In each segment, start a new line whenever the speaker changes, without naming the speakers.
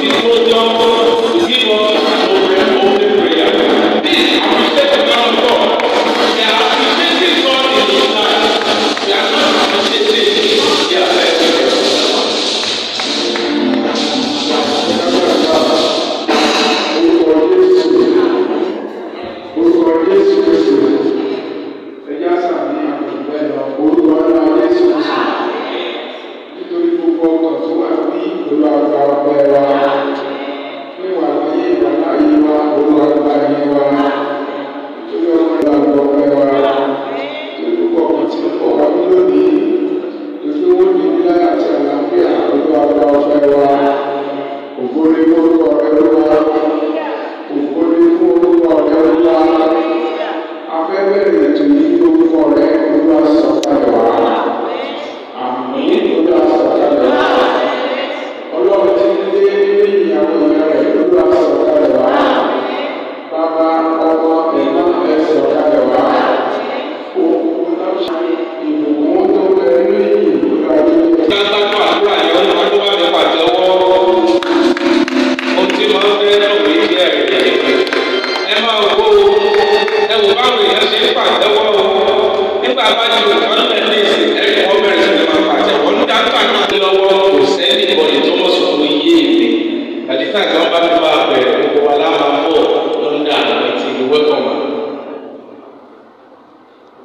Senhor,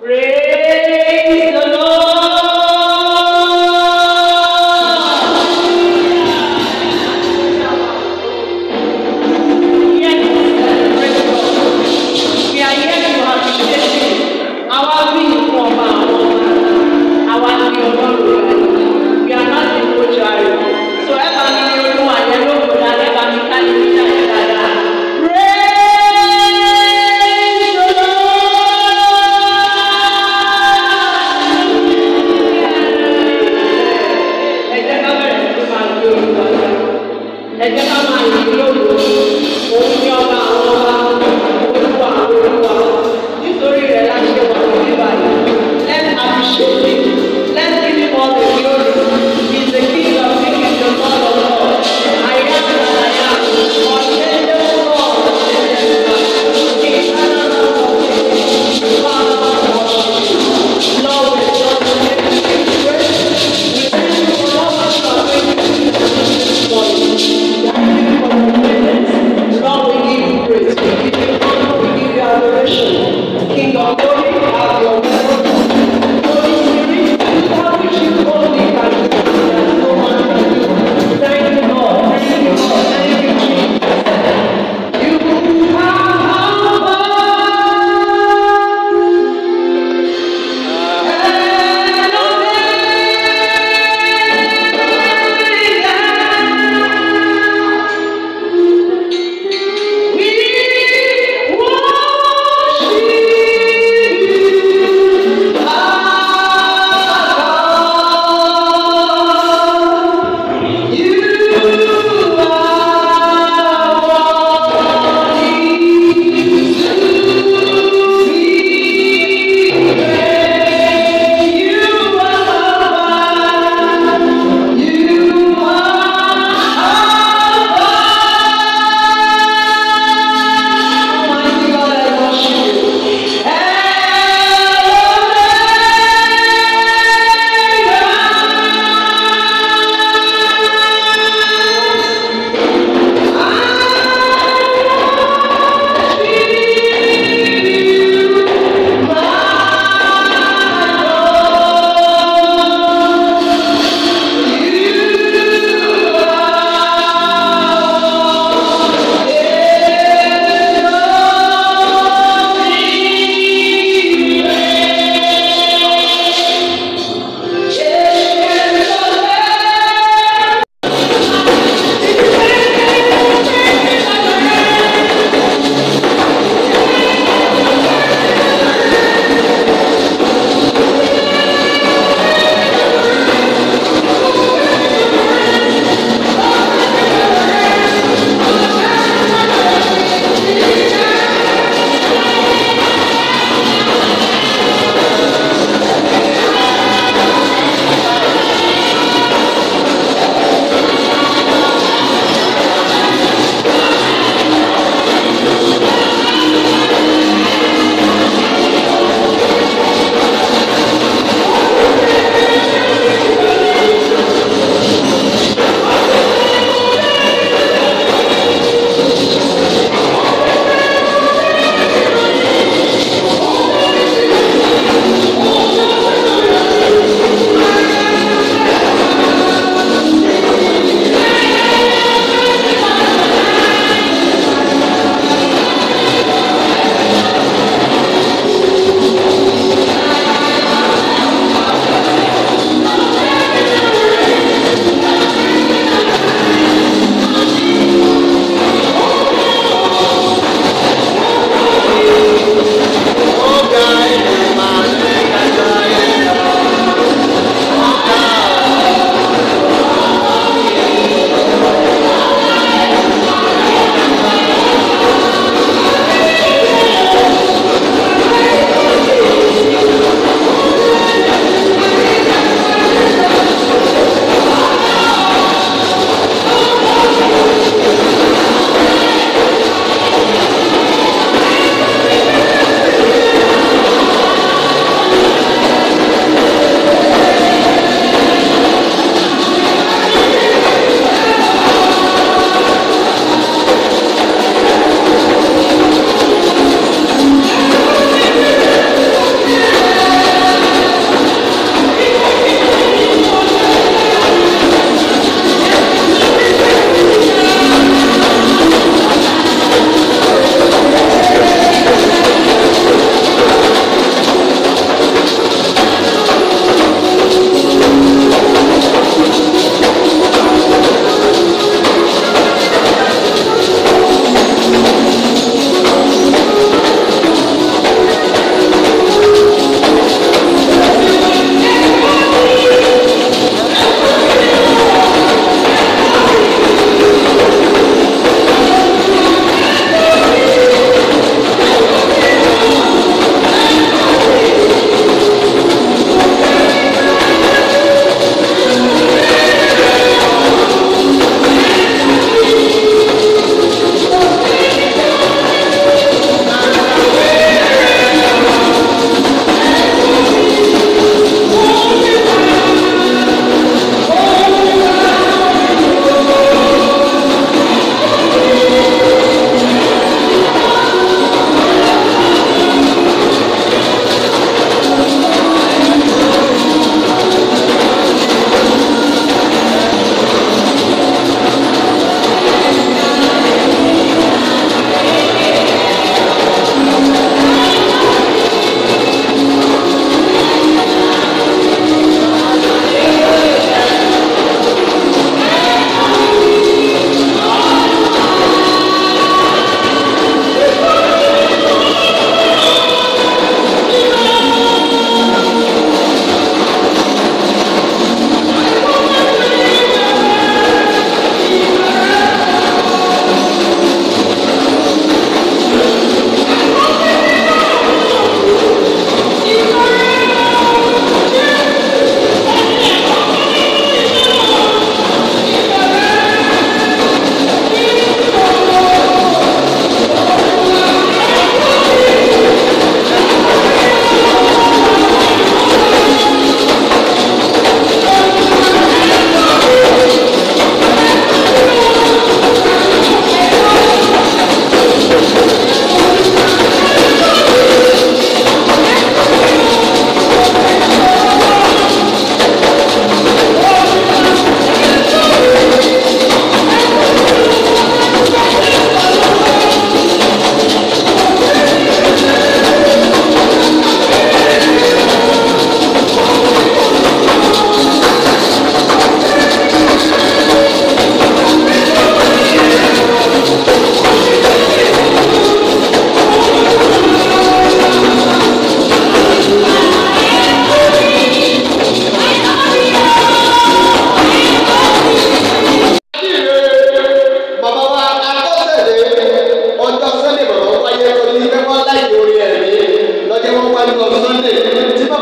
Praise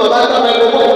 bàbá tó mẹ́rin kó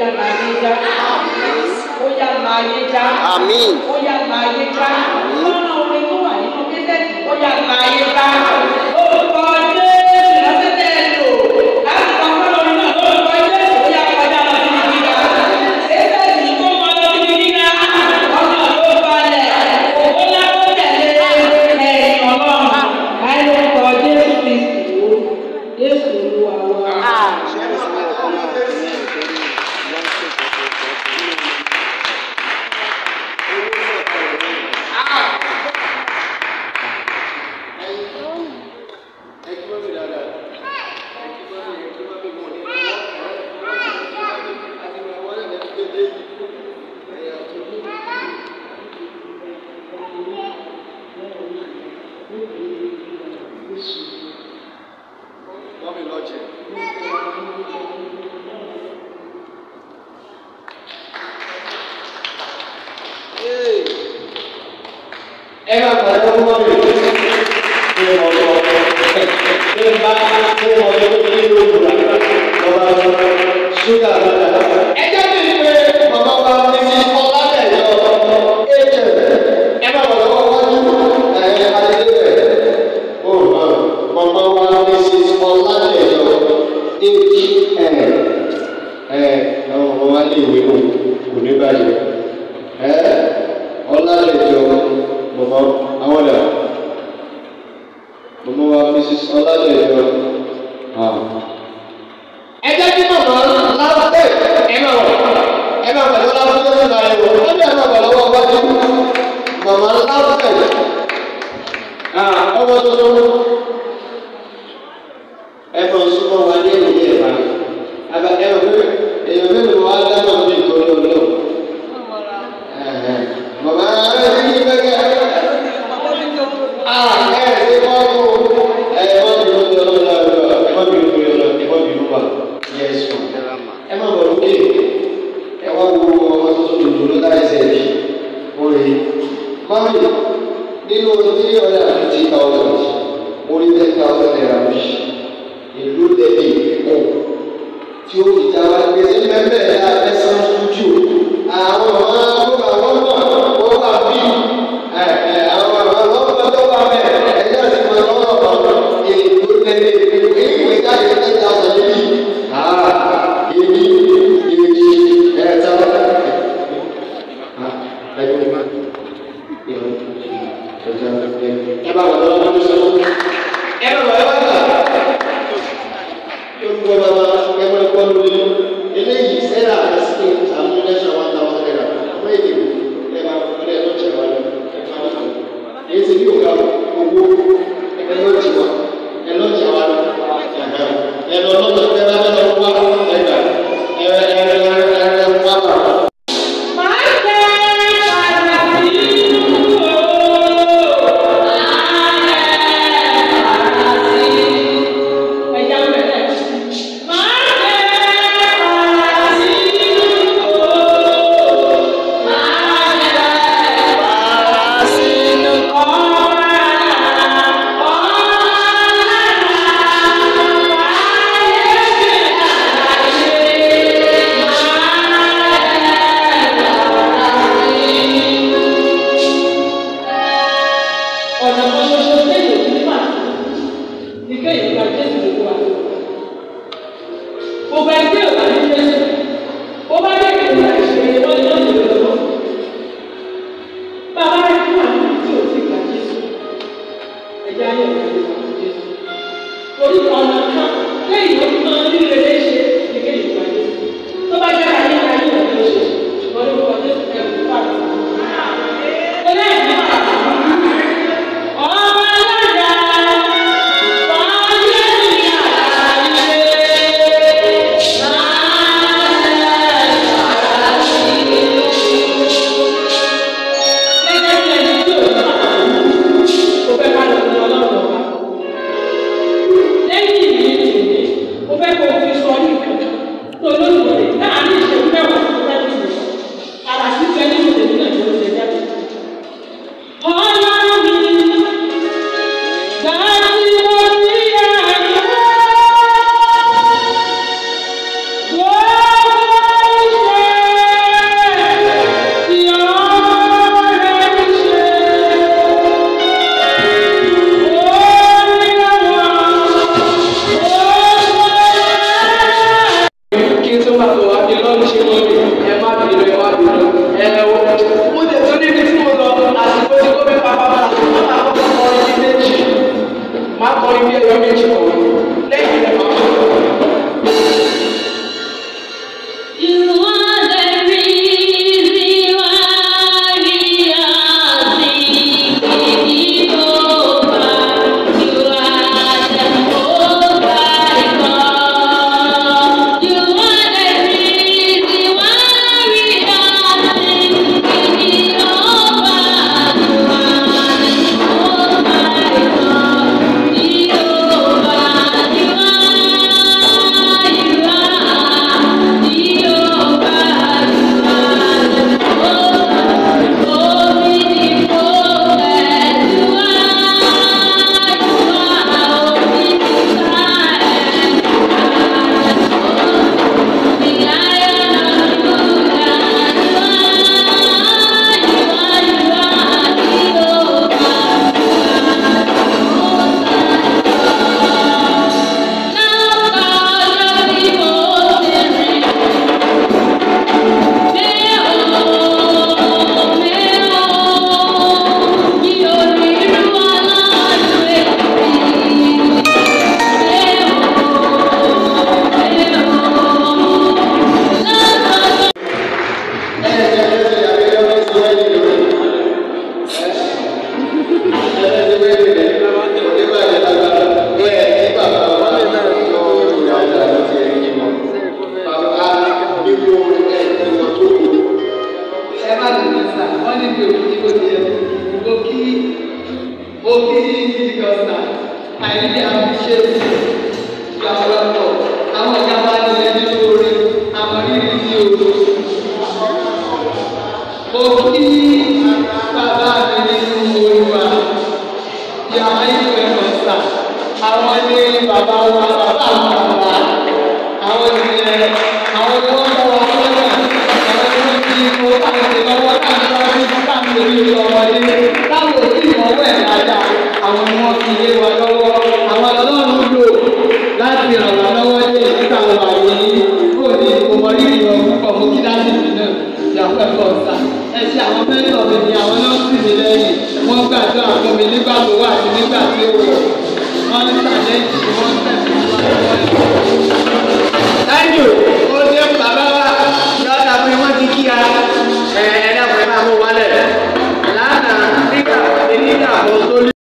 Àmín. Ó Àmín. Ó yá Àmín. Mrs. Ọládẹ̀jọ. Ẹ jẹ́ kí màmá lápẹ́ ẹ máa wà ẹ máa pẹ̀lú lápẹ́ lọ́wọ́ náà ẹ̀wọ̀ ó ní àmà pẹ̀lú ọwọ́ wájú màmá lápẹ́ ọmọ tuntun. tí ó ìjà wa gbèsè pẹ́pẹ́ abẹ́sán fújù àwọn ọmọ.